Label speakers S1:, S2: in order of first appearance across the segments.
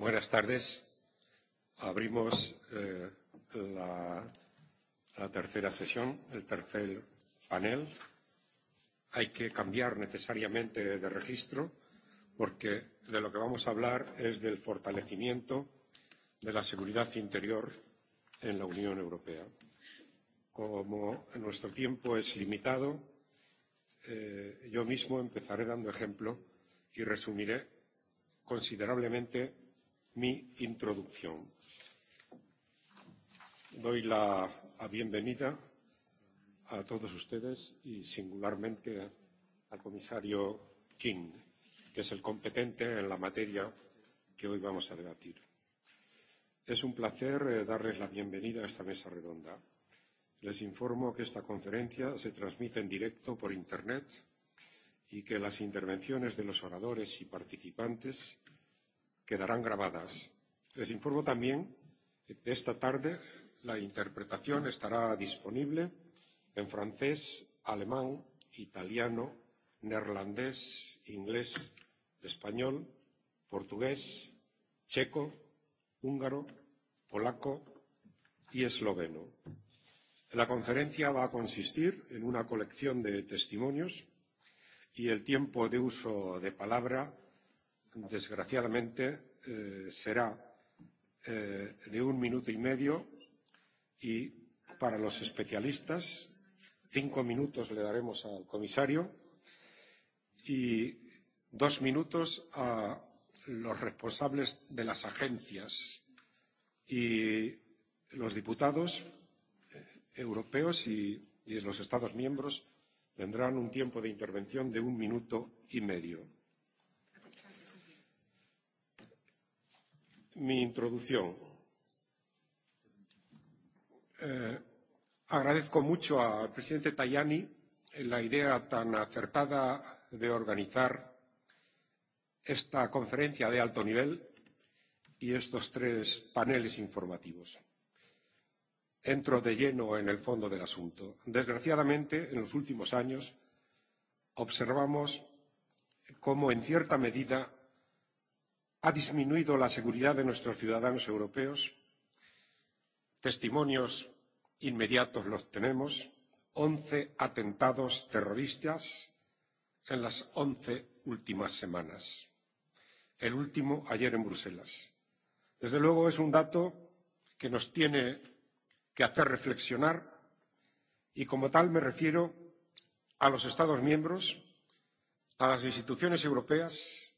S1: Buenas tardes. Abrimos eh, la, la tercera sesión, el tercer panel. Hay que cambiar necesariamente de registro porque de lo que vamos a hablar es del fortalecimiento de la seguridad interior en la Unión Europea. Como nuestro tiempo es limitado, eh, yo mismo empezaré dando ejemplo y resumiré considerablemente mi introducción. Doy la bienvenida a todos ustedes y singularmente al comisario King, que es el competente en la materia que hoy vamos a debatir. Es un placer eh, darles la bienvenida a esta mesa redonda. Les informo que esta conferencia se transmite en directo por Internet y que las intervenciones de los oradores y participantes quedarán grabadas. Les informo también que esta tarde la interpretación estará disponible en francés, alemán, italiano, neerlandés, inglés, español, portugués, checo, húngaro, polaco y esloveno. La conferencia va a consistir en una colección de testimonios y el tiempo de uso de palabra desgraciadamente, eh, será eh, de un minuto y medio y para los especialistas cinco minutos le daremos al comisario y dos minutos a los responsables de las agencias y los diputados eh, europeos y, y los Estados miembros tendrán un tiempo de intervención de un minuto y medio mi introducción. Eh, agradezco mucho al presidente Tajani la idea tan acertada de organizar esta conferencia de alto nivel y estos tres paneles informativos. Entro de lleno en el fondo del asunto. Desgraciadamente, en los últimos años observamos cómo, en cierta medida, ha disminuido la seguridad de nuestros ciudadanos europeos testimonios inmediatos los tenemos once atentados terroristas en las once últimas semanas el último ayer en bruselas. desde luego es un dato que nos tiene que hacer reflexionar y como tal me refiero a los estados miembros a las instituciones europeas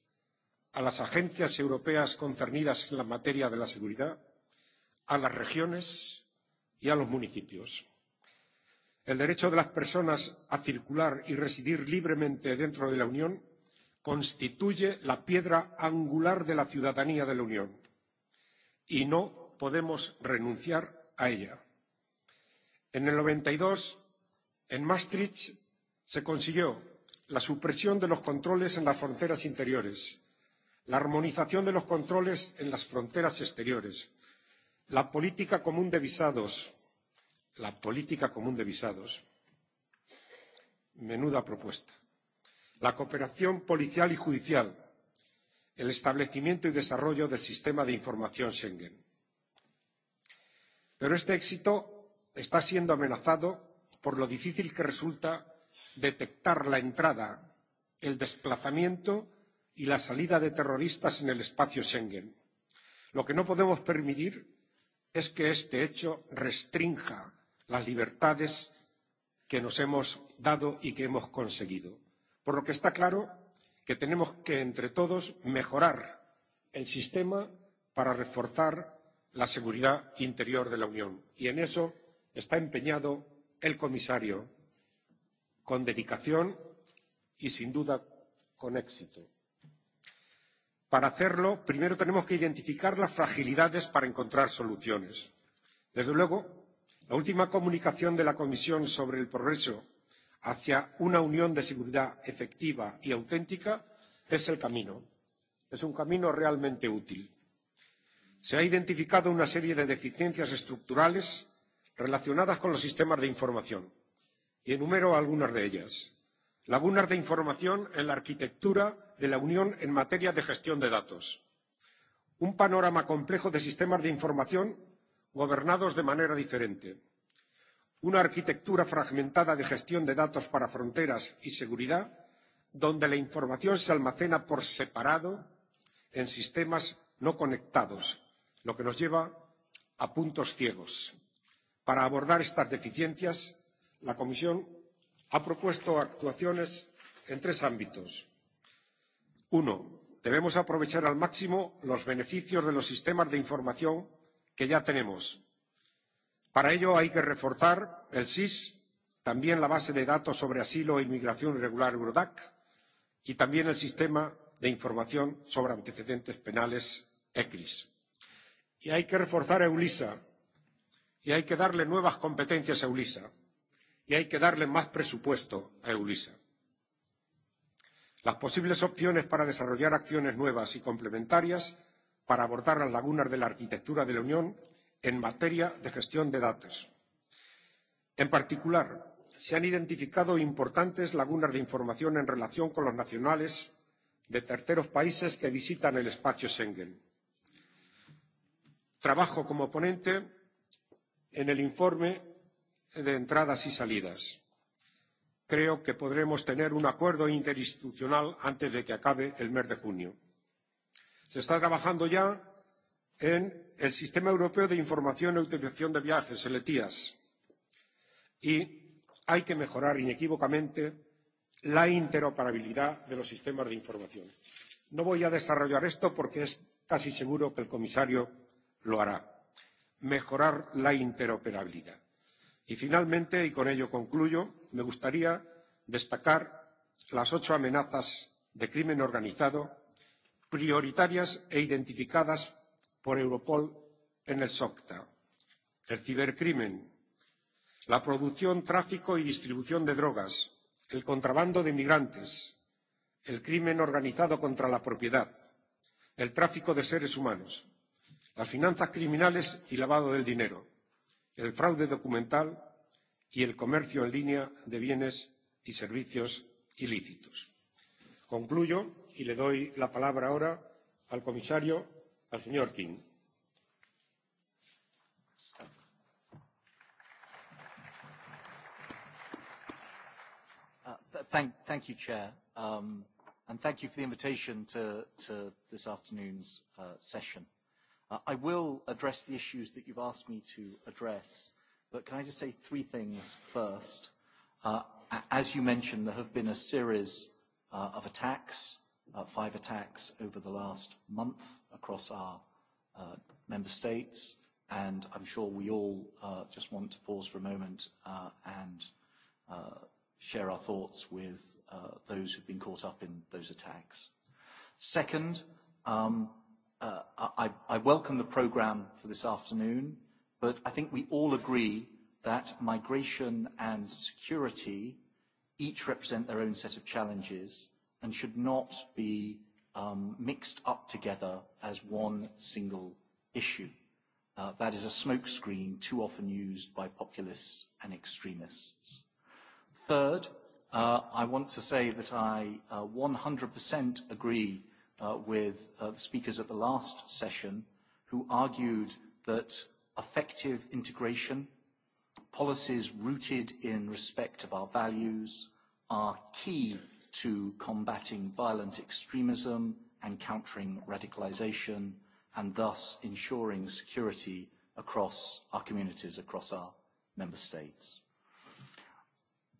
S1: a las agencias europeas concernidas en la materia de la seguridad a las regiones y a los municipios. el derecho de las personas a circular y residir libremente dentro de la unión constituye la piedra angular de la ciudadanía de la unión y no podemos renunciar a ella. en el noventa y dos en maastricht se consiguió la supresión de los controles en las fronteras interiores la armonización de los controles en las fronteras exteriores la política común de visados la política común de visados menuda propuesta la cooperación policial y judicial el establecimiento y desarrollo del sistema de información schengen pero este éxito está siendo amenazado por lo difícil que resulta detectar la entrada el desplazamiento y la salida de terroristas en el espacio schengen. lo que no podemos permitir es que este hecho restrinja las libertades que nos hemos dado y que hemos conseguido por lo que está claro que tenemos que entre todos mejorar el sistema para reforzar la seguridad interior de la unión y en eso está empeñado el comisario con dedicación y sin duda con éxito. Para hacerlo, primero tenemos que identificar las fragilidades para encontrar soluciones. Desde luego, la última comunicación de la Comisión sobre el progreso hacia una unión de seguridad efectiva y auténtica es el camino. Es un camino realmente útil. Se ha identificado una serie de deficiencias estructurales relacionadas con los sistemas de información y enumero algunas de ellas. Lagunas de información en la arquitectura de la Unión en materia de gestión de datos. Un panorama complejo de sistemas de información gobernados de manera diferente. Una arquitectura fragmentada de gestión de datos para fronteras y seguridad, donde la información se almacena por separado en sistemas no conectados, lo que nos lleva a puntos ciegos. Para abordar estas deficiencias, la Comisión ha propuesto actuaciones en tres ámbitos uno debemos aprovechar al máximo los beneficios de los sistemas de información que ya tenemos. para ello hay que reforzar el sis también la base de datos sobre asilo e inmigración irregular eurodac y también el sistema de información sobre antecedentes penales ecris. y hay que reforzar eulisa y hay que darle nuevas competencias a eulisa y hay que darle más presupuesto a eulisa las posibles opciones para desarrollar acciones nuevas y complementarias para abordar las lagunas de la arquitectura de la Unión en materia de gestión de datos. En particular, se han identificado importantes lagunas de información en relación con los nacionales de terceros países que visitan el espacio Schengen. Trabajo como ponente en el informe de entradas y salidas creo que podremos tener un acuerdo interinstitucional antes de que acabe el mes de junio. Se está trabajando ya en el Sistema Europeo de Información y e autorización de Viajes, el ETIAS, y hay que mejorar inequívocamente la interoperabilidad de los sistemas de información. No voy a desarrollar esto porque es casi seguro que el comisario lo hará. Mejorar la interoperabilidad. Y finalmente, y con ello concluyo, me gustaría destacar las ocho amenazas de crimen organizado prioritarias e identificadas por Europol en el SOCTA. El cibercrimen, la producción, tráfico y distribución de drogas, el contrabando de migrantes, el crimen organizado contra la propiedad, el tráfico de seres humanos, las finanzas criminales y lavado del dinero, el fraude documental, y el comercio en línea de bienes y servicios ilícitos. Concluyo y le doy la palabra ahora al comisario, al señor King.
S2: Uh, thank, thank you, Chair, um, and thank you for the invitation to, this afternoon's uh, session. Uh, I will address the issues that you've asked me to address But can I just say three things first? Uh, as you mentioned, there have been a series uh, of attacks, uh, five attacks over the last month across our uh, member states. And I'm sure we all uh, just want to pause for a moment uh, and uh, share our thoughts with uh, those who've been caught up in those attacks. Second, um, uh, I, I welcome the program for this afternoon. But I think we all agree that migration and security each represent their own set of challenges and should not be um, mixed up together as one single issue. Uh, that is a smokescreen too often used by populists and extremists. Third, uh, I want to say that I 100% uh, agree with the speakers at the last session who argued that effective integration, policies rooted in respect of our values are key to combating violent extremism and countering radicalisation and thus ensuring security across our communities, across our member states.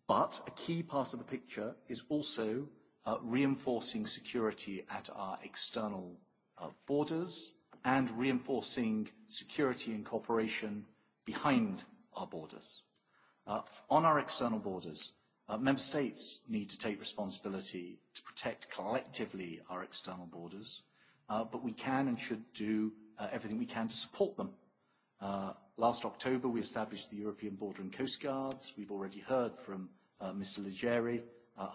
S2: But a key part of the picture is also uh, reinforcing security at our external uh, borders and reinforcing security and cooperation behind our borders. Uh, on our external borders, uh, member states need to take responsibility to protect collectively our external borders, uh, but we can and should do uh, everything we can to support them. Uh, last October, we established the European Border and Coast Guards. We've already heard from uh, Mr. Leggeri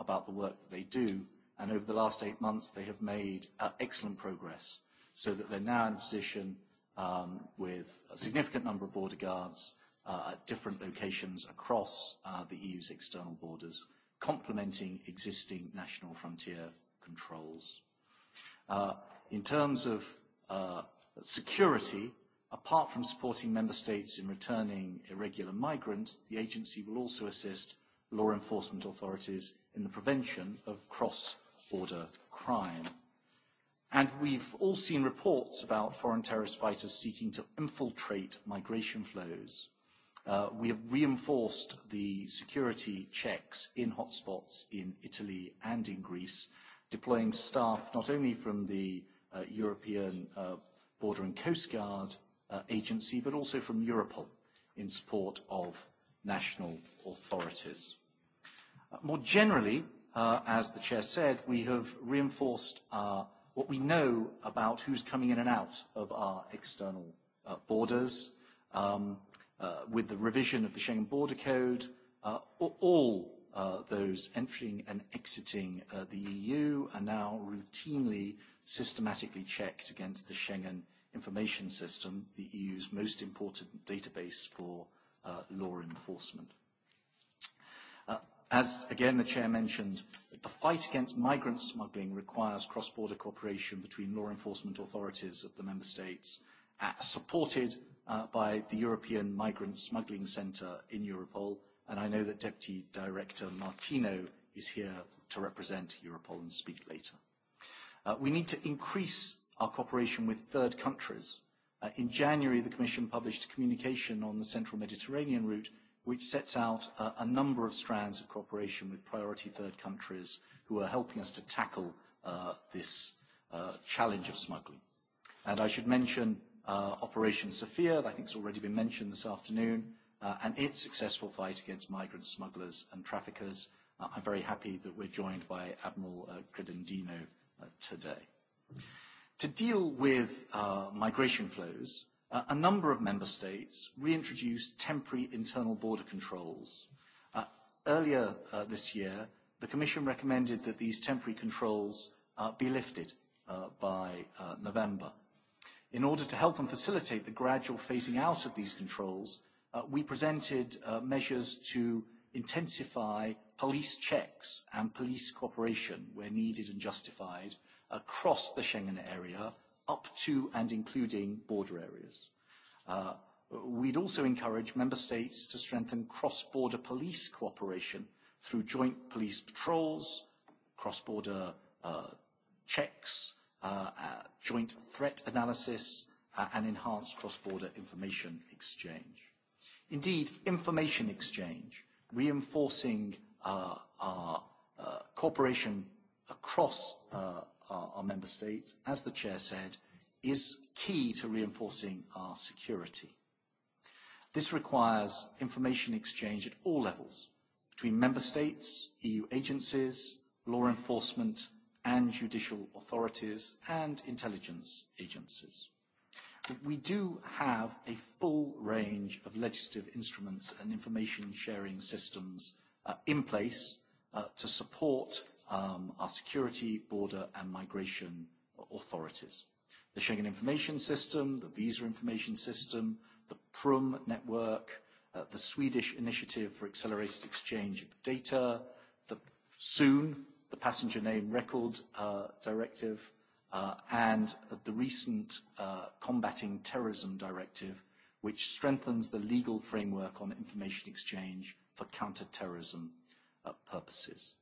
S2: about the work that they do, and over the last eight months, they have made excellent progress so that they're now in a position um, with a significant number of border guards uh, at different locations across uh, the EU's external borders, complementing existing national frontier controls. Uh, in terms of uh, security, apart from supporting member states in returning irregular migrants, the agency will also assist law enforcement authorities in the prevention of cross-border crime. And we've all seen reports about foreign terrorist fighters seeking to infiltrate migration flows. Uh, we have reinforced the security checks in hotspots in Italy and in Greece, deploying staff not only from the uh, European uh, Border and Coast Guard agency, but also from Europol in support of national authorities. More generally, as the chair said, we have reinforced our what we know about who's coming in and out of our external uh, borders, um, uh, with the revision of the Schengen Border Code, uh, all those entering and exiting the EU are now routinely systematically checked against the Schengen Information System, the EU's most important database for law enforcement. As again the Chair mentioned, the fight against migrant smuggling requires cross border cooperation between law enforcement authorities of the Member States, uh, supported uh, by the European Migrant Smuggling Centre in Europol, and I know that Deputy Director Martino is here to represent Europol and speak later. Uh, we need to increase our cooperation with third countries. Uh, in January the Commission published a communication on the Central Mediterranean route which sets out a, a number of strands of cooperation with priority third countries who are helping us to tackle uh, this uh, challenge of smuggling. And I should mention uh, Operation Sophia, I think it's already been mentioned this afternoon, uh, and its successful fight against migrant smugglers and traffickers. Uh, I'm very happy that we're joined by Admiral Credendino uh, today. To deal with migration flows, Uh, a number of member states reintroduced temporary internal border controls. Uh, earlier uh, this year, the Commission recommended that these temporary controls be lifted by November. In order to help and facilitate the gradual phasing out of these controls, we presented measures to intensify police checks and police cooperation where needed and justified across the Schengen area up to and including border areas. Uh, we'd also encourage member states to strengthen cross-border police cooperation through joint police patrols, cross-border uh, checks, uh, joint threat analysis, and enhanced cross-border information exchange. Indeed, information exchange, reinforcing our cooperation across our, member states, as the chair said, is key to reinforcing our security. This requires information exchange at all levels between member states, EU agencies, law enforcement and judicial authorities and intelligence agencies. We do have a full range of legislative instruments and information sharing systems uh, in place uh, to support Um, our security, border and migration authorities. The Schengen Information System, the Visa Information System, the PRUM network, uh, the Swedish Initiative for Accelerated Exchange of Data, the, soon the Passenger Name Record uh, Directive, uh, and the recent Combating Terrorism Directive, which strengthens the legal framework on information exchange for counter terrorism purposes.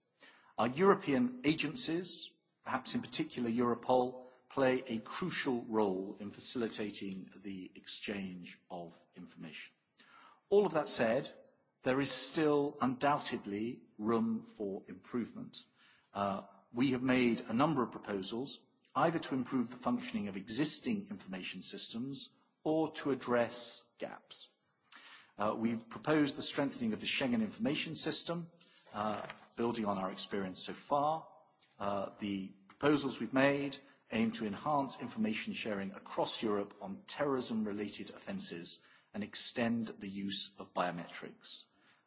S2: Our European agencies, perhaps in particular Europol, play a crucial role in facilitating the exchange of information. All of that said, there is still undoubtedly room for improvement. Uh, we have made a number of proposals, either to improve the functioning of existing information systems or to address gaps. Uh, we've proposed the strengthening of the Schengen Information System, uh, building on our experience so far. Uh, the proposals we've made aim to enhance information sharing across Europe on terrorism-related offences and extend the use of biometrics.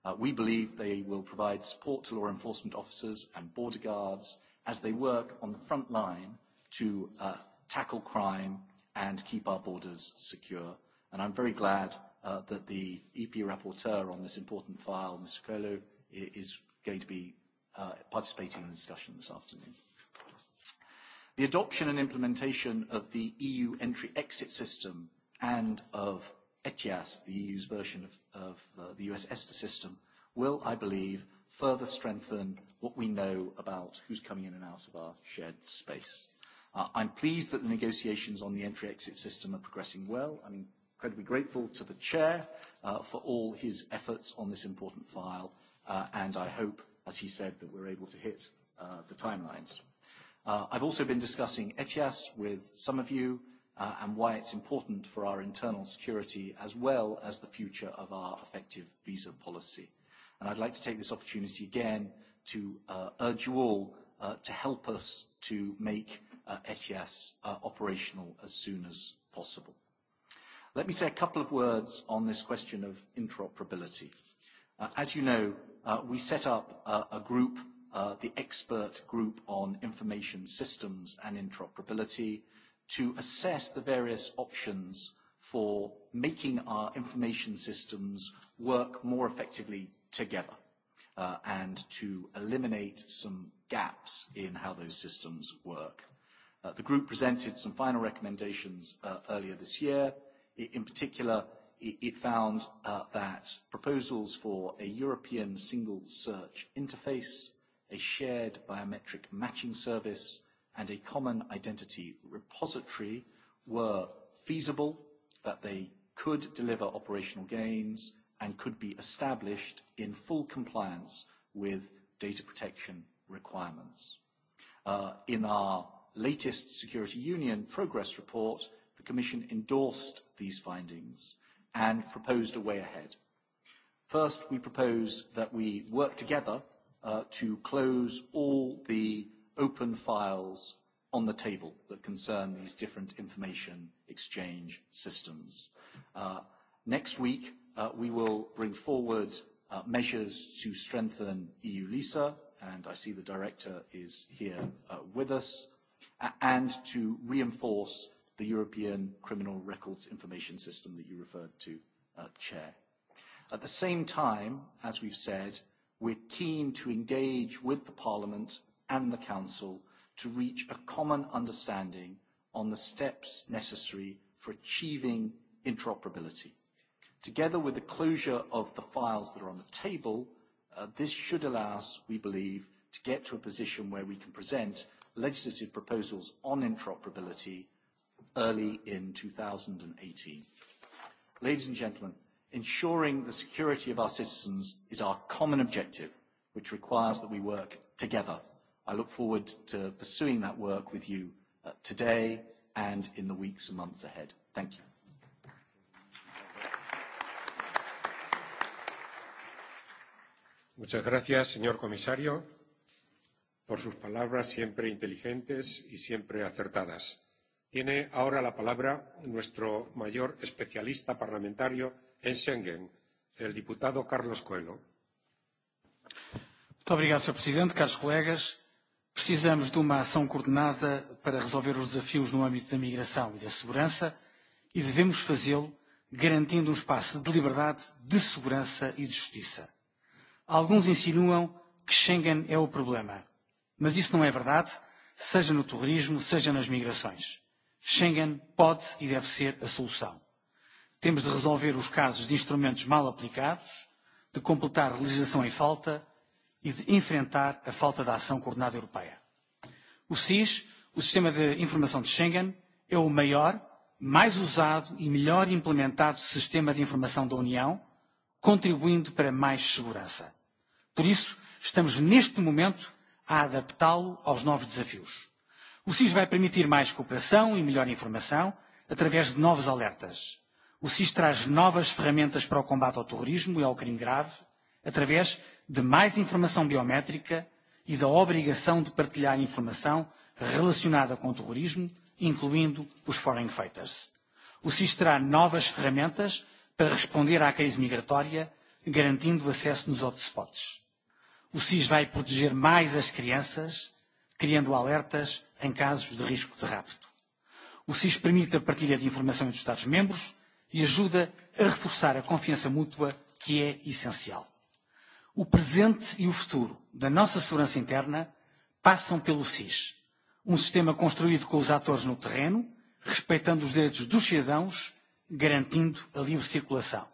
S2: Uh, we believe they will provide support to law enforcement officers and border guards as they work on the front line to uh, tackle crime and keep our borders secure. And I'm very glad that the EP rapporteur on this important file, Mr. Coelho, is going to be Uh, participating in the discussion this afternoon. The adoption and implementation of the EU entry-exit system and of ETIAS, the EU's version of, of uh, the US ESTA system, will, I believe, further strengthen what we know about who's coming in and out of our shared space. Uh, I'm pleased that the negotiations on the entry-exit system are progressing well. I'm incredibly grateful to the Chair for all his efforts on this important file, and I hope as he said, that we're able to hit uh, the timelines. Uh, I've also been discussing ETIAS with some of you uh, and why it's important for our internal security as well as the future of our effective visa policy. And I'd like to take this opportunity again to urge you all to help us to make ETIAS operational as soon as possible. Let me say a couple of words on this question of interoperability. as you know, Uh, we set up uh, a group, uh, the expert group on information systems and interoperability, to assess the various options for making our information systems work more effectively together and to eliminate some gaps in how those systems work. the group presented some final recommendations earlier this year. In particular, it, found uh, that proposals for a European single search interface, a shared biometric matching service, and a common identity repository were feasible, that they could deliver operational gains, and could be established in full compliance with data protection requirements. Uh, in our latest Security Union Progress Report, the Commission endorsed these findings and proposed a way ahead. First, we propose that we work together uh, to close all the open files on the table that concern these different information exchange systems. Uh, next week, uh, we will bring forward measures to strengthen EU LISA, and I see the director is here with us, and to reinforce the European Criminal Records Information System that you referred to, uh, Chair. At the same time, as we've said, we're keen to engage with the Parliament and the Council to reach a common understanding on the steps necessary for achieving interoperability. Together with the closure of the files that are on the table, uh, this should allow us, we believe, to get to a position where we can present legislative proposals on interoperability early in 2018. Ladies and gentlemen, ensuring the security of our citizens is our common objective, which requires that we work together. I look forward to pursuing that work with you uh, today and in the weeks and months ahead. Thank you.
S1: Muchas gracias, señor comisario, por sus palabras siempre inteligentes y siempre acertadas. Tiene ahora la palabra nuestro mayor especialista parlamentario en Schengen, el diputado Carlos Coelho.
S3: Muito obrigado, Sr. Presidente, caros colegas. Precisamos de uma ação coordenada para resolver os desafios no âmbito da migração e da segurança e devemos fazê-lo garantindo um espaço de liberdade, de segurança e de justiça. Alguns insinuam que Schengen é o problema, mas isso não é verdade, seja no terrorismo, seja nas migrações. Schengen pode e deve ser a solução. Temos de resolver os casos de instrumentos mal aplicados, de completar a legislação em falta e de enfrentar a falta de ação coordenada europeia. O SIS, o Sistema de Informação de Schengen, é o maior, mais usado e melhor implementado sistema de informação da União, contribuindo para mais segurança. Por isso, estamos neste momento a adaptá-lo aos novos desafios. O SIS vai permitir mais cooperação e melhor informação através de novos alertas. O SIS traz novas ferramentas para o combate ao terrorismo e ao crime grave através de mais informação biométrica e da obrigação de partilhar informação relacionada com o terrorismo, incluindo os foreign fighters. O SIS terá novas ferramentas para responder à crise migratória, garantindo acesso nos hotspots. O SIS vai proteger mais as crianças, criando alertas em casos de risco de rapto. O SIS permite a partilha de informação entre os Estados-membros e ajuda a reforçar a confiança mútua que é essencial. O presente e o futuro da nossa segurança interna passam pelo SIS, um sistema construído com os atores no terreno, respeitando os direitos dos cidadãos, garantindo a livre circulação.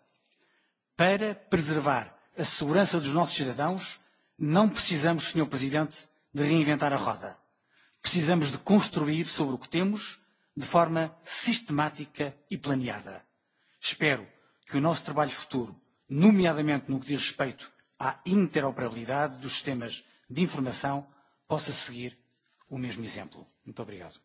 S3: Para preservar a segurança dos nossos cidadãos, não precisamos, Sr. Presidente, de reinventar a roda. Precisamos de construir sobre o que temos de forma sistemática e planeada. Espero que o nosso trabalho futuro, nomeadamente no que diz respeito à interoperabilidade dos sistemas de informação, possa seguir o mesmo exemplo. Muito obrigado.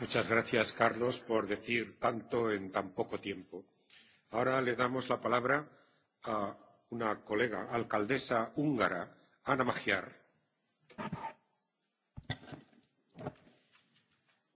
S1: Muchas gracias, Carlos, por decir tanto en tan poco tiempo. Ahora le damos la palabra a una colega alcaldesa húngara, Ana Magyar.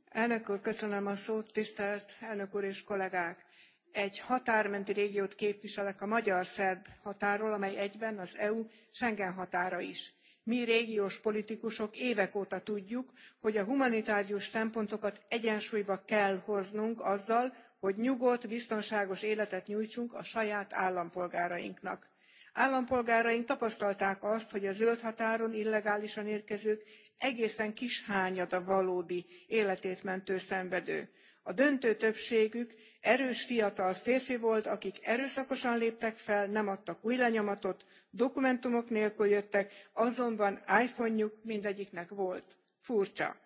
S4: Elnök úr, köszönöm a szót, tisztelt elnök és kollégák! Egy határmenti régiót képviselek a magyar-szerb határól, amely egyben az EU Schengen határa is mi régiós politikusok évek óta tudjuk hogy a humanitárius szempontokat egyensúlyba kell hoznunk azzal hogy nyugodt biztonságos életet nyújtsunk a saját állampolgárainknak állampolgáraink tapasztalták azt hogy a zöld határon illegálisan érkezők egészen kis hányada valódi életét mentő szenvedő. a döntő többségük erős fiatal férfi volt akik erőszakosan léptek fel nem adtak új lenyomatot dokumentumok nélkül jöttek azonban iphone juk mindegyiknek volt. furcsa.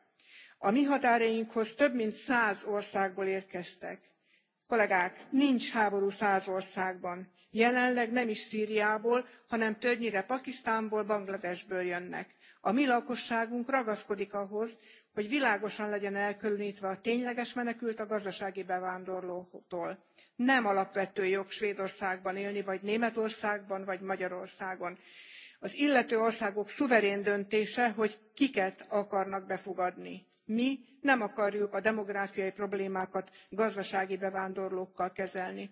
S4: a mi határainkhoz több mint száz országból érkeztek. kollegák nincs háború száz országban jelenleg nem is szriából hanem többnyire pakisztánból bangladesből jönnek. a mi lakosságunk ragaszkodik ahhoz hogy világosan legyen elkülöntve a tényleges menekült a gazdasági bevándorlótól. nem alapvető jog svédországban élni vagy németországban vagy magyarországon. az illető országok szuverén döntése hogy kiket akarnak befogadni. mi nem akarjuk a demográfiai problémákat gazdasági bevándorlókkal kezelni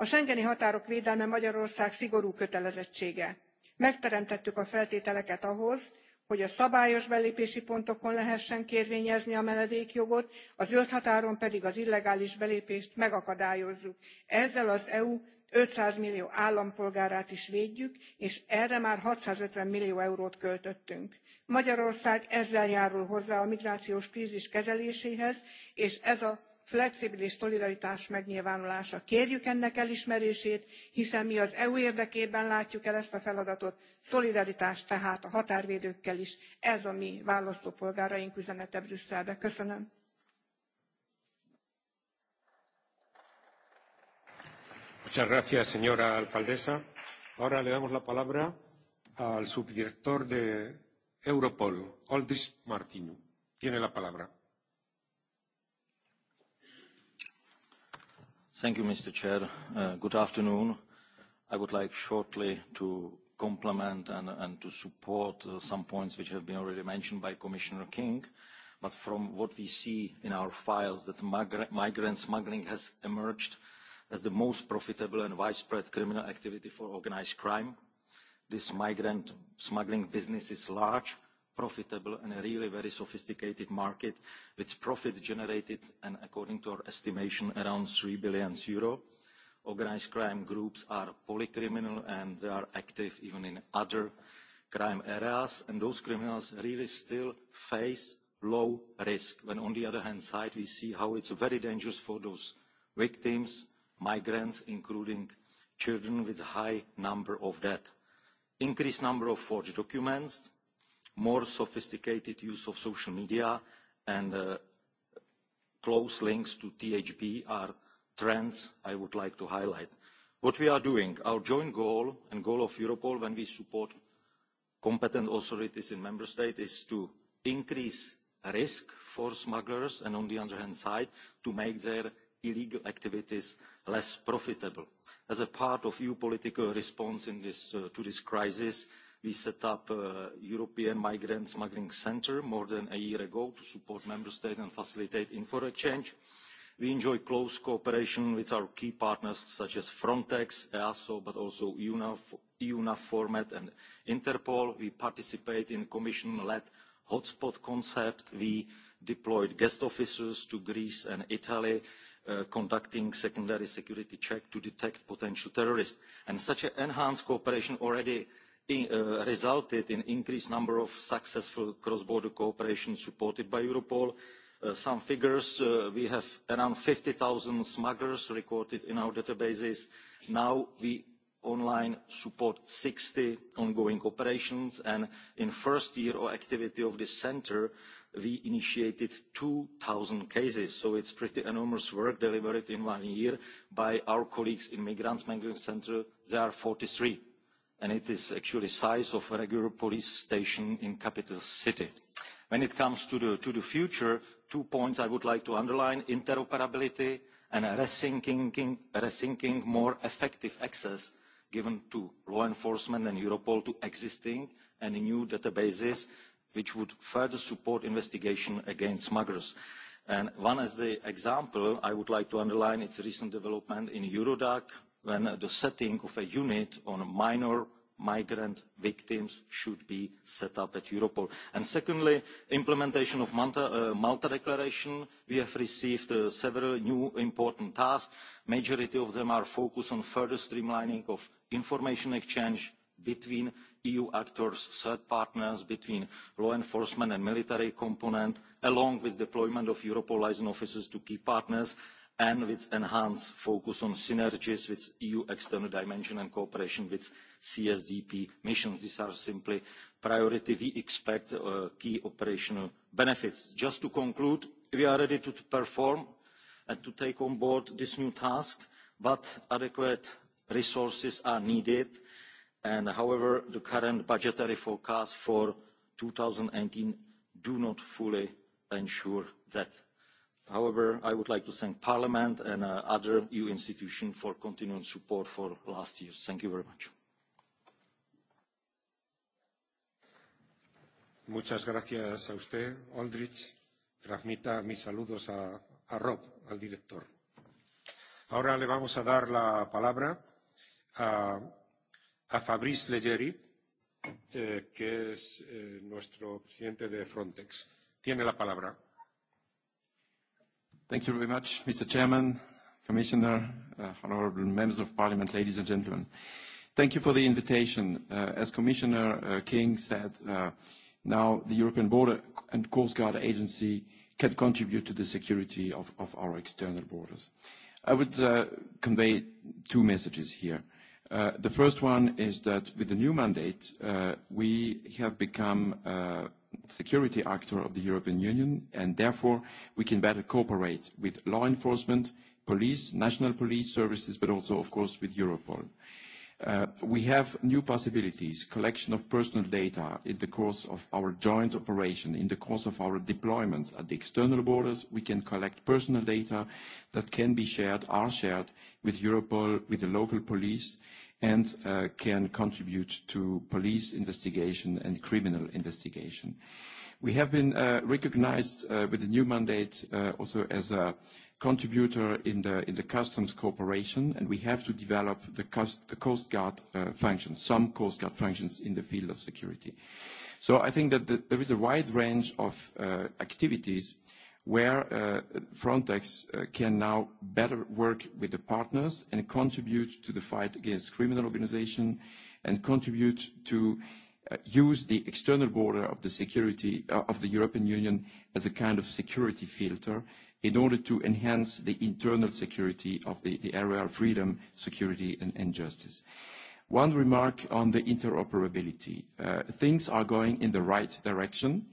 S4: a schengeni határok védelme magyarország szigorú kötelezettsége. megteremtettük a feltételeket ahhoz hogy a szabályos belépési pontokon lehessen kérvényezni a menedékjogot a zöld határon pedig az illegális belépést megakadályozzuk. ezzel az eu five hundred millió állampolgárát is védjük és erre már six hundred millió eurót költöttünk. magyarország ezzel járul hozzá a migrációs krzis kezeléséhez és ez a flexibilis szolidaritás megnyilvánulása. kérjük ennek elismerését hiszen mi az eu érdekében látjuk el ezt a feladatot szolidaritás tehát a határvédőkkel is ez a mi választópolgáraink üzenete brüsszelbe. köszönöm.
S1: Muchas gracias, señora alcaldesa. Ahora le damos la palabra al subdirector de Europol, Aldis Martinu. Tiene la palabra.
S5: Thank you, Mr. Chair. Uh, good afternoon. I would like shortly to complement and, and to support uh, some points which have been already mentioned by Commissioner King. But from what we see in our files, that migrant smuggling has emerged as the most profitable and widespread criminal activity for organized crime. This migrant smuggling business is large profitable and a really very sophisticated market with profit generated and according to our estimation around 3 billion euro. Organized crime groups are polycriminal and they are active even in other crime areas and those criminals really still face low risk. When on the other hand side we see how it's very dangerous for those victims, migrants including children with a high number of death, Increased number of forged documents more sophisticated use of social media and uh, close links to THB are trends I would like to highlight. What we are doing, our joint goal and goal of Europol when we support competent authorities in member states is to increase risk for smugglers and on the other hand side to make their illegal activities less profitable. As a part of EU political response in this, uh, to this crisis, We set up a uh, European Migrant Smuggling Centre more than a year ago to support member states and facilitate info exchange. We enjoy close cooperation with our key partners such as Frontex, EASO, but also EUNAVFOR e format and Interpol. We participate in Commission-led hotspot concept. We deployed guest officers to Greece and Italy, uh, conducting secondary security check to detect potential terrorists. And such enhanced cooperation already Uh, resulted in an increased number of successful cross border cooperation supported by europol. Uh, some figures uh, we have around fifty zero smugglers recorded in our databases. now we online support sixty ongoing operations and in the first year of activity of this centre we initiated two zero cases so it's pretty enormous work delivered in one year by our colleagues in migrant smuggling centre there are forty three and it is actually the size of a regular police station in capital city. When it comes to the, to the future, two points I would like to underline, interoperability and rethinking, more effective access given to law enforcement and Europol to existing and new databases, which would further support investigation against smugglers. And one as the example I would like to underline is recent development in Eurodac, when the setting of a unit on minor migrant victims should be set up at europol. and secondly implementation of malta, uh, malta declaration we have received uh, several new important tasks the majority of them are focused on further streamlining of information exchange between eu actors third partners between law enforcement and military component along with deployment of europol liaison officers to key partners and with enhanced focus on synergies with EU external dimension and cooperation with CSDP missions. These are simply priority. We expect uh, key operational benefits. Just to conclude, we are ready to perform and to take on board this new task, but adequate resources are needed. And however, the current budgetary forecast for 2019 do not fully ensure that However, I would like to thank Parliament and uh, other EU institutions for continuing support
S1: for last year. Thank you very much. Muchas gracias a usted, Aldrich. Transmita mis saludos a, Rob, al director. Ahora le vamos a dar la palabra a, a Fabrice Leggeri, eh, que es eh, nuestro presidente de Frontex. Tiene la palabra.
S6: Thank you very much, Mr. Chairman, Commissioner, uh, honorable members of parliament, ladies and gentlemen. Thank you for the invitation. Uh, as Commissioner uh, King said, uh, now the European Border and Coast Guard Agency can contribute to the security of, of our external borders. I would uh, convey two messages here. Uh, the first one is that with the new mandate, we have become security actor of the European Union, and therefore we can better cooperate with law enforcement, police, national police services, but also, of course, with Europol. Uh, we have new possibilities, collection of personal data in the course of our joint operation, in the course of our deployments at the external borders. We can collect personal data that can be shared, are shared with Europol, with the local police, and uh, can contribute to police investigation and criminal investigation. We have been uh, recognized uh, with a new mandate uh, also as a contributor in the, in the customs cooperation, and we have to develop the coast, the coast guard uh, functions, some coast guard functions in the field of security. So I think that the, there is a wide range of activities where uh, Frontex uh, can now better work with the partners and contribute to the fight against criminal organization and contribute to uh, use the external border of the security of the European Union as a kind of security filter in order to enhance the internal security of the, area of freedom, security, and justice. One remark on the interoperability. Things are going in the right direction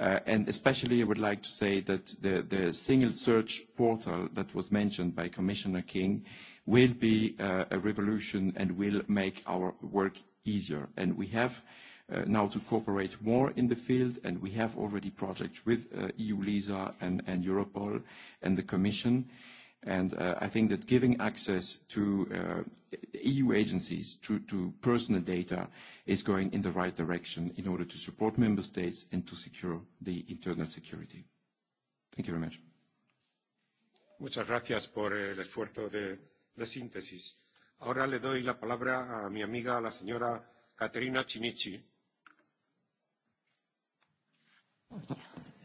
S6: Uh, and especially I would like to say that the, the single search portal that was mentioned by Commissioner King will be uh, a revolution and will make our work easier. And we have uh, now to cooperate more in the field, and we have already projects with EU LISA and Europol and the Commission. And uh, I think that giving access to uh, EU agencies to, to personal data is going in the right direction in order to support member states and to secure the internal security. Thank you very much.
S1: Muchas gracias por el esfuerzo de, síntesis. Ahora le doy la palabra a mi amiga, la señora Caterina Chinichi.
S7: Oh,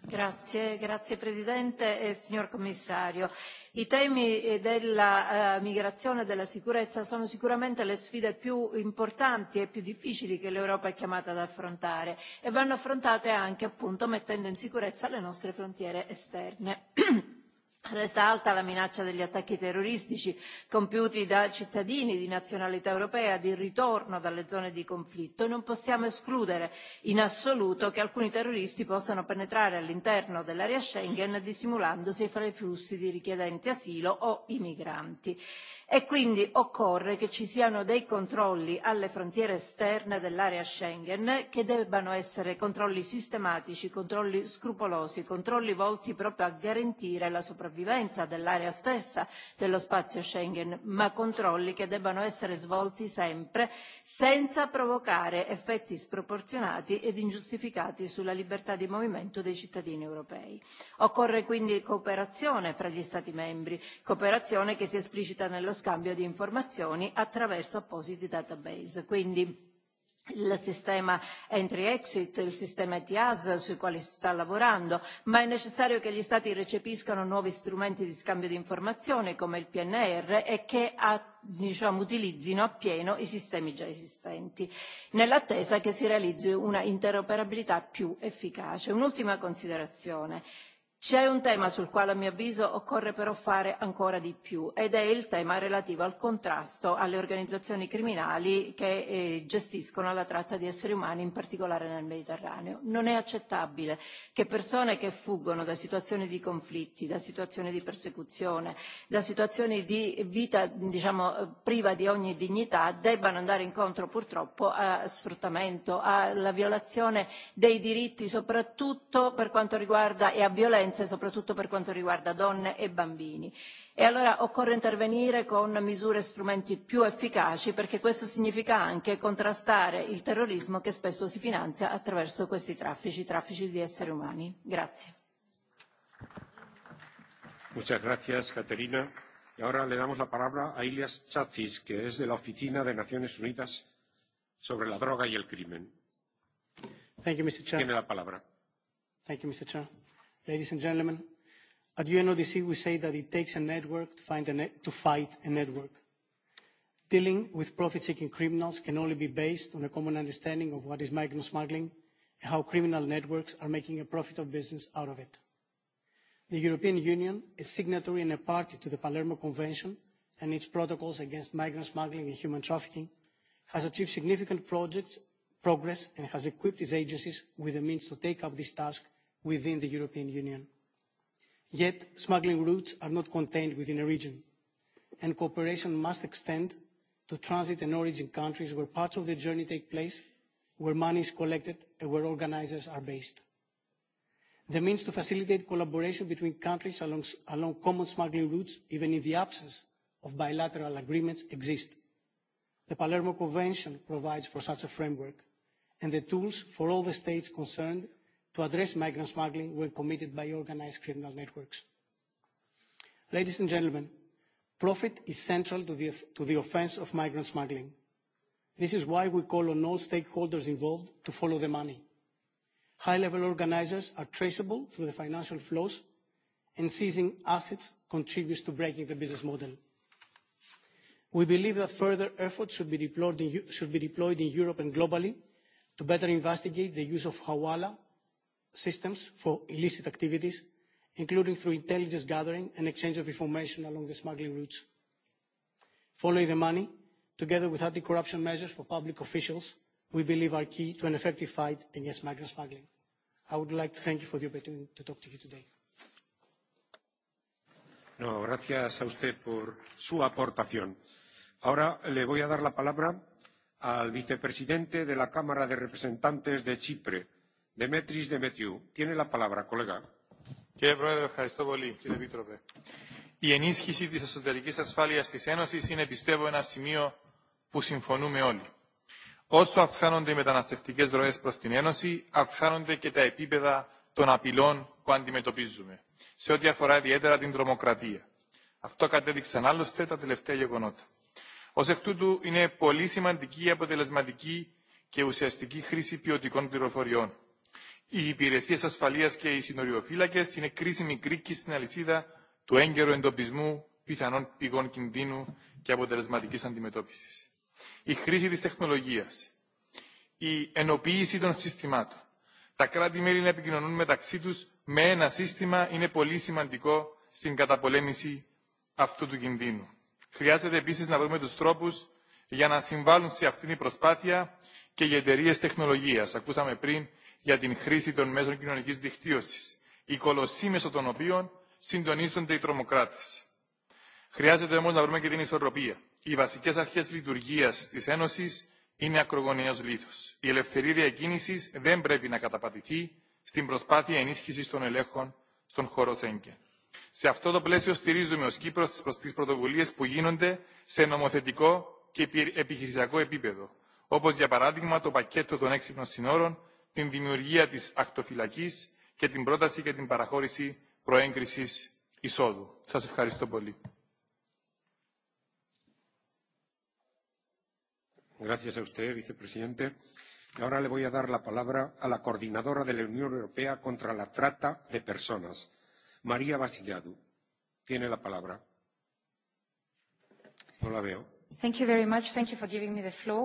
S7: Grazie, grazie Presidente e signor Commissario. I temi eh, della eh, migrazione e della sicurezza sono sicuramente le sfide più importanti e più difficili che l'Europa è chiamata ad affrontare e vanno affrontate anche appunto mettendo in sicurezza le nostre frontiere esterne. Resta alta la minaccia degli attacchi terroristici compiuti da cittadini di nazionalità europea di ritorno dalle zone di conflitto. Non possiamo escludere in assoluto che alcuni terroristi possano penetrare all'interno dell'area Schengen dissimulandosi fra i flussi di richiedenti asilo o i migranti e quindi occorre che ci siano dei controlli alle frontiere esterne dell'area Schengen che debbano essere controlli sistematici, controlli scrupolosi, controlli volti proprio a garantire la sopravvivenza dell'area stessa dello spazio Schengen, ma controlli che debbano essere svolti sempre senza provocare effetti sproporzionati ed ingiustificati sulla libertà di movimento dei cittadini europei. Occorre quindi cooperazione fra gli Stati membri, cooperazione che si esplicita nello scambio di informazioni attraverso appositi database. Quindi il sistema entry exit il sistema etias sui quali si sta lavorando ma è necessario che gli stati recepiscano nuovi strumenti di scambio di informazioni come il pnr e che a, diciamo, utilizzino appieno i sistemi già esistenti nell'attesa che si realizzi una interoperabilità più efficace. un'ultima considerazione C'è un tema sul quale, a mio avviso, occorre però fare ancora di più ed è il tema relativo al contrasto alle organizzazioni criminali che eh, gestiscono la tratta di esseri umani, in particolare nel Mediterraneo. Non è accettabile che persone che fuggono da situazioni di conflitti, da situazioni di persecuzione, da situazioni di vita diciamo, priva di ogni dignità debbano andare incontro purtroppo a sfruttamento, alla violazione dei diritti, soprattutto per quanto riguarda e a violenza violenze soprattutto per quanto riguarda donne e bambini e allora occorre intervenire con misure e strumenti più efficaci perché questo significa anche contrastare il terrorismo che spesso si finanzia attraverso questi traffici traffici di esseri umani. Grazie.
S1: Muchas gracias, Caterina. Y ahora le damos la palabra a Ilias Chatzis, que es de la Oficina de Naciones Unidas sobre la Droga y el Crimen. Thank you, Mr. Chair. Tiene la palabra.
S8: Thank you, Mr. Chair ladies and gentlemen. At UNODC, we say that it takes a network to, find a to fight a network. Dealing with profit-seeking criminals can only be based on a common understanding of what is migrant smuggling and how criminal networks are making a profit of business out of it. The European Union is signatory and a party to the Palermo Convention and its protocols against migrant smuggling and human trafficking, has achieved significant progress and has equipped its agencies with the means to take up this task within the European Union. Yet, smuggling routes are not contained within a region, and cooperation must extend to transit and origin countries where parts of the journey take place, where money is collected, and where organisers are based. The means to facilitate collaboration between countries along, along common smuggling routes, even in the absence of bilateral agreements, exist. The Palermo Convention provides for such a framework, and the tools for all the states concerned to address migrant smuggling when committed by organised criminal networks. Ladies and gentlemen, profit is central to the, to the offence of migrant smuggling. This is why we call on all stakeholders involved to follow the money. High-level organisers are traceable through the financial flows and seizing assets contributes to breaking the business model. We believe that further efforts should be deployed in, should be deployed in Europe and globally to better investigate the use of Hawala systems for illicit activities, including through intelligence gathering and exchange of information along the smuggling routes. Following the money, together with anti corruption measures for public officials, we believe are key to an effective fight against migrant smuggling. I would like to thank you for the opportunity to talk to you today.
S1: No, gracias a usted por su aportación. Ahora le voy a dar la palabra al vicepresidente de la Cámara de Representantes de Chipre, Demetris Demetriou tiene la palabra,
S9: Κύριε Πρόεδρε, ευχαριστώ πολύ, κύριε Επίτροπε. Η ενίσχυση της εσωτερικής ασφάλειας της Ένωσης είναι, πιστεύω, ένα σημείο που συμφωνούμε όλοι. Όσο αυξάνονται οι μεταναστευτικές ροές προς την Ένωση, αυξάνονται και τα επίπεδα των απειλών που αντιμετωπίζουμε, σε ό,τι αφορά ιδιαίτερα την τρομοκρατία. Αυτό κατέδειξαν άλλωστε τα τελευταία γεγονότα. Ω εκ τούτου, είναι πολύ σημαντική η αποτελεσματική και ουσιαστική χρήση ποιοτικών πληροφοριών Οι υπηρεσίε ασφαλεία και οι συνοριοφύλακε είναι κρίσιμη κρίκη στην αλυσίδα του έγκαιρου εντοπισμού πιθανών πηγών κινδύνου και αποτελεσματική αντιμετώπιση. Η χρήση τη τεχνολογία, η ενοποίηση των συστημάτων, τα κράτη-μέλη να επικοινωνούν μεταξύ του με ένα σύστημα είναι πολύ σημαντικό στην καταπολέμηση αυτού του κινδύνου. Χρειάζεται επίση να δούμε του τρόπου για να συμβάλλουν σε αυτήν την προσπάθεια και οι εταιρείε τεχνολογία. Ακούσαμε πριν για την χρήση των μέσων κοινωνική δικτύωση, οι κολοσσοί μέσω των οποίων συντονίζονται οι τρομοκράτε. Χρειάζεται όμω να βρούμε και την ισορροπία. Οι βασικέ αρχέ λειτουργία τη Ένωση είναι ακρογωνιαίο λίθο. Η ελευθερία διακίνηση δεν πρέπει να καταπατηθεί στην προσπάθεια ενίσχυση των ελέγχων στον χώρο Σέγγεν. Σε αυτό το πλαίσιο στηρίζουμε ω Κύπρο τι πρωτοβουλίε που γίνονται σε νομοθετικό και επιχειρησιακό επίπεδο, όπω για παράδειγμα το πακέτο των έξυπνων συνόρων την δημιουργία της ακτοφυλακής και την πρόταση για την παραχώρηση προέγκρισης εισόδου. Σας ευχαριστώ πολύ.
S1: Gracias a usted, vicepresidente. Ahora le voy a dar la palabra a la coordinadora de la Unión Europea contra la trata de personas, María Basiliadou. Tiene la palabra. No la veo.
S10: Thank you very much. Thank you for giving me the floor.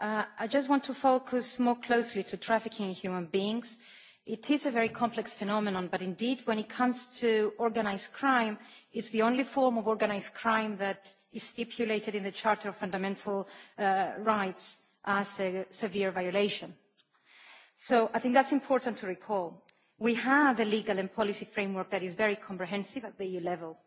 S10: Uh, I just want to focus more closely to trafficking in human beings. It is a very complex phenomenon, but indeed when it comes to organised crime, it's the only form of organised crime that is stipulated in the Charter of Fundamental uh, Rights as a severe violation. So I think that's important to recall. We have a legal and policy framework that is very comprehensive at the EU level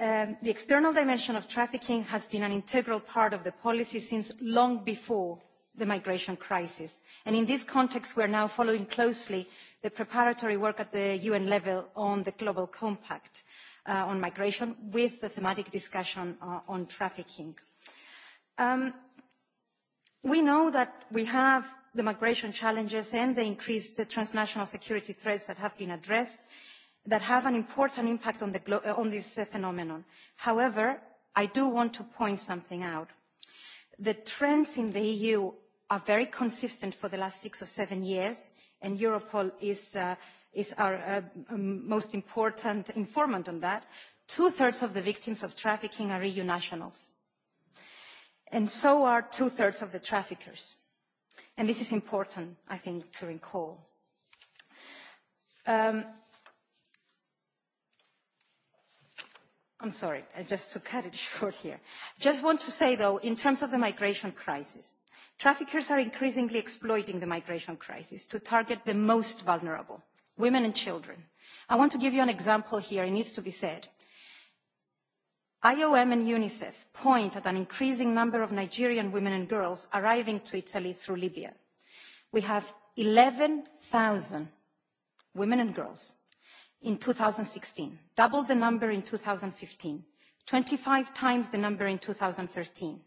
S10: Um, the external dimension of trafficking has been an integral part of the policy since long before the migration crisis. And in this context, we are now following closely the preparatory work at the UN level on the Global Compact uh, on Migration with the thematic discussion uh, on trafficking. Um, we know that we have the migration challenges and the increased transnational security threats that have been addressed that have an important impact on, the, uh, on this uh, phenomenon. However, I do want to point something out. The trends in the EU are very consistent for the last six or seven years, and Europol is, uh, is our most important informant on that. Two-thirds of the victims of trafficking are EU nationals, and so are two-thirds of the traffickers. And this is important, I think, to recall. Um, I'm sorry, uh, just to cut it short here. Just want to say, though, in terms of the migration crisis, traffickers are increasingly exploiting the migration crisis to target the most vulnerable, women and children. I want to give you an example here. It needs to be said. IOM and UNICEF point at an increasing number of Nigerian women and girls arriving to Italy through Libya. We have 11,000 women and girls in 2016, double the number in 2015, 25 times the number in 2013.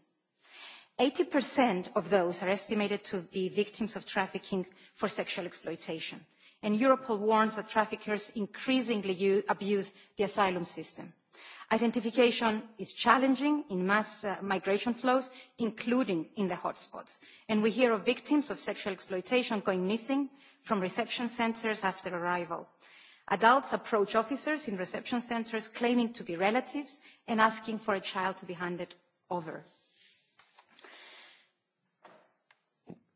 S10: 80% of those are estimated to be victims of trafficking for sexual exploitation. And Europol warns that traffickers increasingly abuse the asylum system. Identification is challenging in mass uh, migration flows, including in the hotspots. And we hear of victims of sexual exploitation going missing from reception centers after arrival adults approach officers in reception centres claiming to be relatives and asking for a child to be handed over.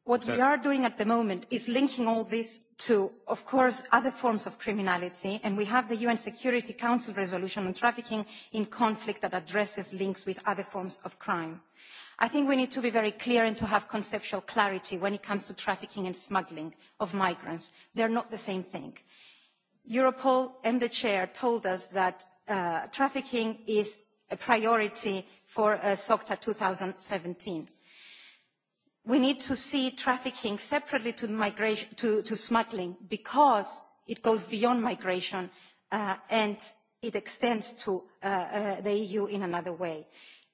S10: What we are doing at the moment is linking all this to, of course, other forms of criminality, and we have the UN Security Council resolution on trafficking in conflict that addresses links with other forms of crime. I think we need to be very clear and to have conceptual clarity when it comes to trafficking and smuggling of migrants. They are not the same thing Europol and the chair told us that uh, trafficking is a priority for uh, SOCTA 2017. We need to see trafficking separately to, migration, to, to smuggling because it goes beyond migration uh, and it extends to uh, uh, the EU in another way.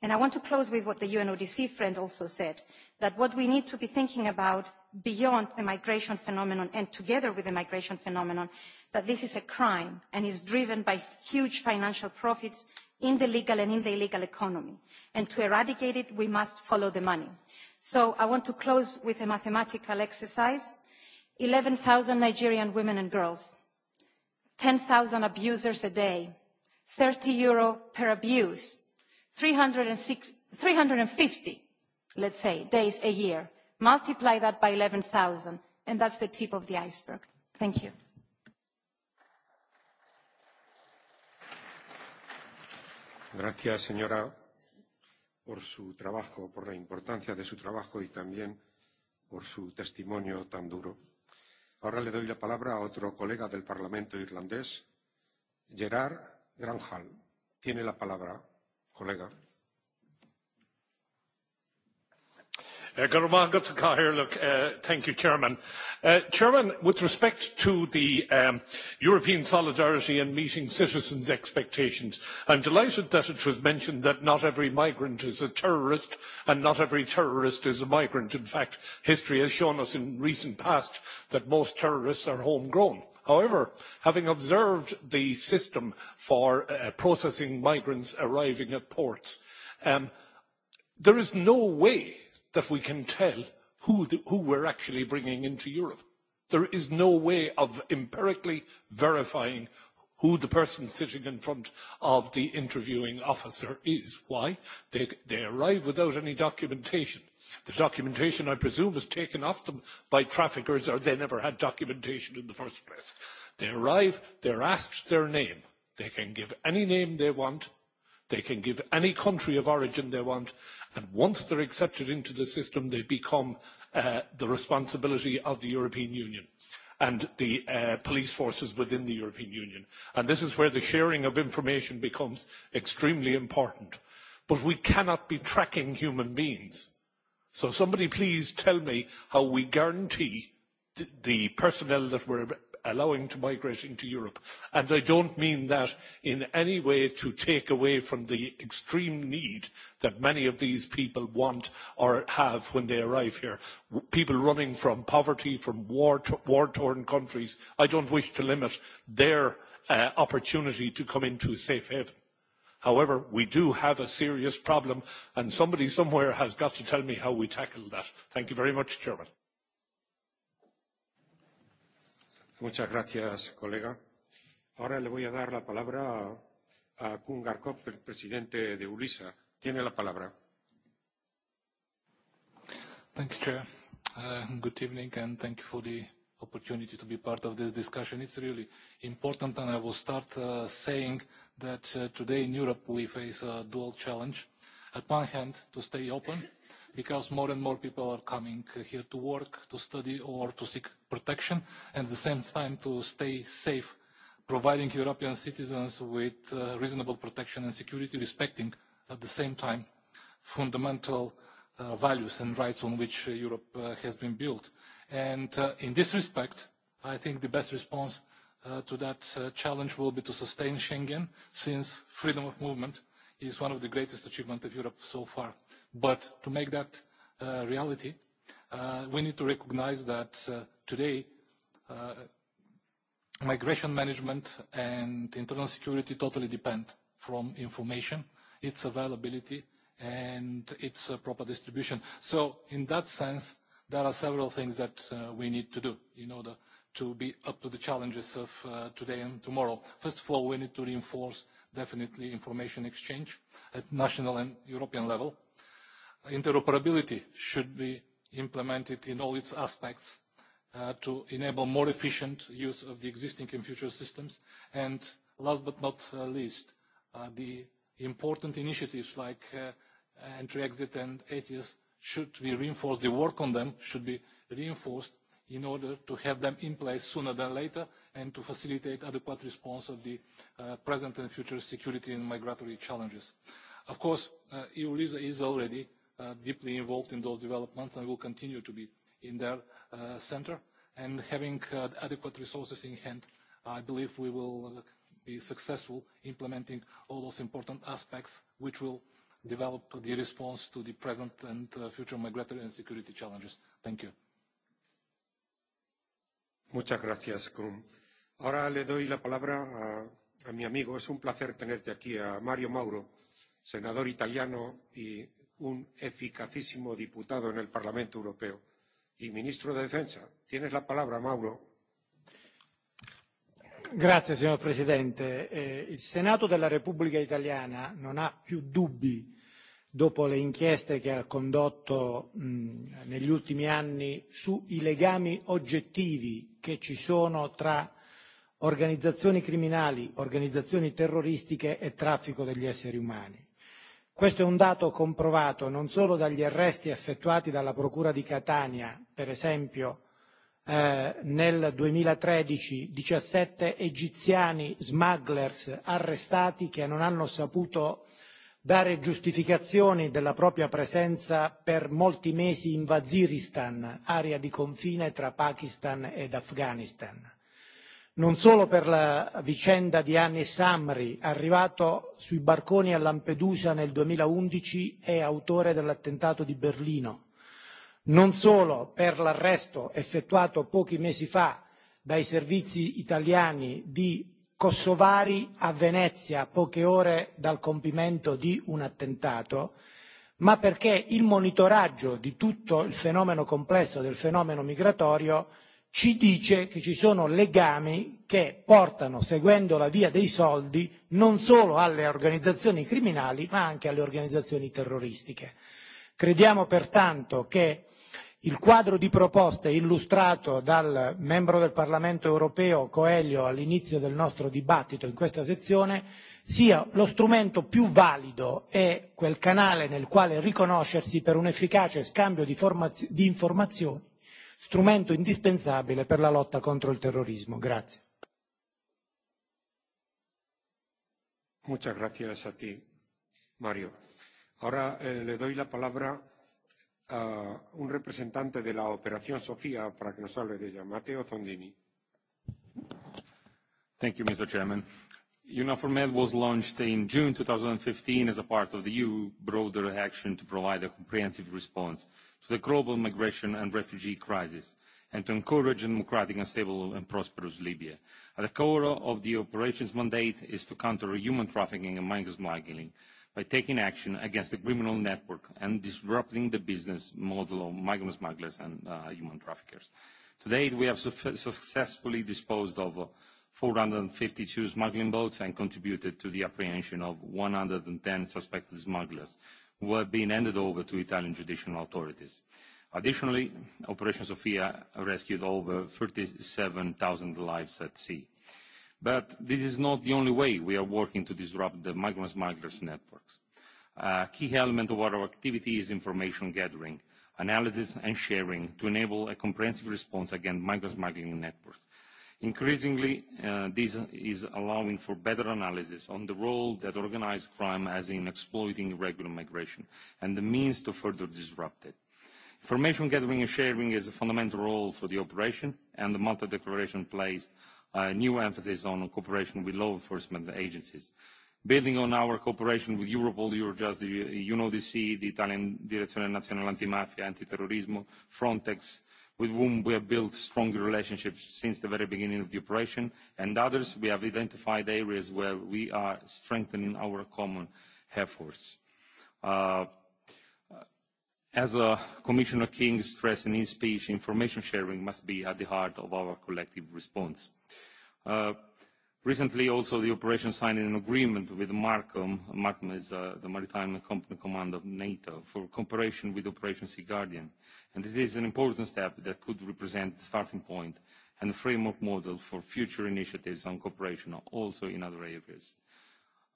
S10: And I want to close with what the UNODC friend also said, that what we need to be thinking about beyond the migration phenomenon and together with the migration phenomenon that this is a crime and is driven by huge financial profits in the legal and in the illegal economy. And to eradicate it, we must follow the money. So I want to close with a mathematical exercise. 11,000 Nigerian women and girls, 10,000 abusers a day, 30 euro per abuse, 350, let's say, days a year. Multiply that by 11,000, and that's the tip of the iceberg. Thank you.
S1: Gracias, señora, por su trabajo, por la importancia de su trabajo y también por su testimonio tan duro. Ahora le doy la palabra a otro colega del Parlamento irlandés, Gerard Granjal, Tiene la palabra, colega. Uh, uh, thank you, Chairman. Uh,
S11: Chairman, with respect to the um, European solidarity and meeting citizens' expectations, I'm delighted that it was mentioned that not every migrant is a terrorist and not every terrorist is a migrant. In fact, history has shown us in recent past that most terrorists are homegrown. However, having observed the system for processing migrants arriving at ports, um, there is no way that we can tell who, the, who we're actually bringing into Europe. There is no way of empirically verifying who the person sitting in front of the interviewing officer is. Why? They, they arrive without any documentation. The documentation, I presume, is taken off them by traffickers or they never had documentation in the first place. They arrive, they're asked their name. They can give any name they want. They can give any country of origin they want, and once they're accepted into the system, they become uh, the responsibility of the European Union and the uh, police forces within the European Union. And this is where the sharing of information becomes extremely important. But we cannot be tracking human beings. So somebody please tell me how we guarantee the personnel that we're allowing to migrate into europe and i don't mean that in any way to take away from the extreme need that many of these people want or have when they arrive here people running from poverty from war torn countries i don't wish to limit their uh, opportunity to come into a safe haven however we do have a serious problem and somebody somewhere has got to tell me how we tackle that thank you very much chairman
S1: Muchas gracias, colega. Ahora le voy a dar la palabra a, a Kun Garkov, el presidente de Ulisa. Tiene la palabra.
S12: Thanks, Chair. Uh, good evening, and thank you for the opportunity to be part of this discussion. It's really important, and I will start uh, saying that uh, today in Europe we face a dual challenge at one hand to stay open because more and more people are coming here to work, to study or to seek protection and at the same time to stay safe, providing European citizens with uh, reasonable protection and security, respecting at the same time fundamental uh, values and rights on which uh, Europe uh, has been built. And uh, in this respect, I think the best response uh, to that challenge will be to sustain Schengen since freedom of movement is one of the greatest achievements of Europe so far. But to make that uh, reality, uh, we need to recognize that uh, today uh, migration management and internal security totally depend from information, its availability, and its proper distribution. So in that sense, there are several things that we need to do in order to be up to the challenges of uh, today and tomorrow. First of all, we need to reinforce definitely information exchange at national and European level. Interoperability should be implemented in all its aspects uh, to enable more efficient use of the existing and future systems. And last but not uh, least, uh, the important initiatives like uh, entry, exit and ATS should be reinforced. The work on them should be reinforced in order to have them in place sooner than later and to facilitate adequate response of the uh, present and future security and migratory challenges. Of course, uh, EU LISA is already uh, deeply involved in those developments and will continue to be in their uh, center. And having uh, adequate resources in hand, I believe we will be successful implementing all those important aspects which will develop the response to the present
S1: and uh, future migratory and security challenges. Thank you. Muchas gracias, Krum. Ahora le doy la palabra a, a mi amigo. Es un placer tenerte aquí, a Mario Mauro, senador italiano y un eficacísimo diputado en el Parlamento Europeo y ministro de Defensa. Tienes la palabra, Mauro.
S13: Grazie, signor Presidente. Eh, il Senato della Repubblica Italiana non ha più dubbi dopo le inchieste che ha condotto negli ultimi anni sui legami oggettivi che ci sono tra organizzazioni criminali, organizzazioni terroristiche e traffico degli esseri umani. Questo è un dato comprovato non solo dagli arresti effettuati dalla procura di Catania, per esempio eh, nel 2013 17 egiziani smugglers arrestati che non hanno saputo dare giustificazioni della propria presenza per molti mesi in Waziristan, area di confine tra Pakistan ed Afghanistan. Non solo per la vicenda di Anne Samri, arrivato sui barconi a Lampedusa nel 2011 e autore dell'attentato di Berlino, non solo per l'arresto effettuato pochi mesi fa dai servizi italiani di kosovari a Venezia a poche ore dal compimento di un attentato, ma perché il monitoraggio di tutto il fenomeno complesso del fenomeno migratorio ci dice che ci sono legami che portano, seguendo la via dei soldi, non solo alle organizzazioni criminali, ma anche alle organizzazioni terroristiche. Crediamo pertanto che Il quadro di proposte illustrato dal membro del Parlamento europeo Coelho all'inizio del nostro dibattito in questa sezione sia lo strumento più valido e quel canale nel quale riconoscersi per un efficace scambio di, di informazioni, strumento indispensabile per la lotta contro il terrorismo. Grazie.
S1: Muchas gracias a ti, Mario. Ahora eh, le doy la palabra a un representante de la Operación Sofía para que nos hable de ella, Zondini.
S14: Thank you, Mr. Chairman. UNAFORMED was launched in June 2015 as a part of the EU broader action to provide a comprehensive response to the global migration and refugee crisis and to encourage a democratic and stable and prosperous Libya. At the core of the operations mandate is to counter human trafficking and migrant smuggling by taking action against the criminal network and disrupting the business model of migrant smugglers and uh, human traffickers. To date, we have successfully disposed of 452 uh, smuggling boats and contributed to the apprehension of 110 suspected smugglers who have been handed over to Italian judicial authorities. Additionally, Operation Sophia rescued over 37,000 lives at sea. But this is not the only way we are working to disrupt the migrant smugglers' networks. A key element of our activity is information gathering, analysis and sharing to enable a comprehensive response against migrant smuggling networks. Increasingly, uh, this is allowing for better analysis on the role that organized crime has in exploiting irregular migration and the means to further disrupt it. Information gathering and sharing is a fundamental role for the operation, and the Malta Declaration placed a new emphasis on cooperation with law enforcement agencies. Building on our cooperation with Europol, Eurojust, the UNODC, the Italian Direzione Nazionale Antimafia, Antiterrorismo, Frontex, with whom we have built strong relationships since the very beginning of the operation, and others, we have identified areas where we are strengthening our common efforts. Uh, As uh, Commissioner King stressed in his speech, information sharing must be at the heart of our collective response. Uh, recently, also, the operation signed an agreement with MARCOM. MARCOM is uh, the Maritime Company Command of NATO for cooperation with Operation Sea Guardian. And this is an important step that could represent the starting point and the framework model for future initiatives on cooperation also in other areas.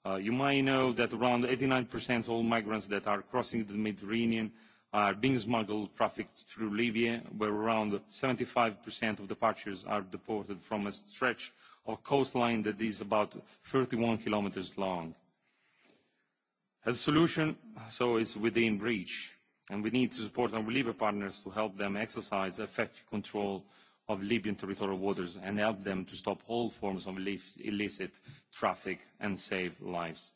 S14: Uh, you might know that around 89% of all migrants that are crossing the Mediterranean are being smuggled, trafficked through Libya, where around seventy five of departures are deported from a stretch of coastline that is about thirty one kilometers long. As a solution, so is within reach, and we need to support our Libyan partners to help them exercise effective control of Libyan territorial waters and help them to stop all forms of illicit traffic and save lives.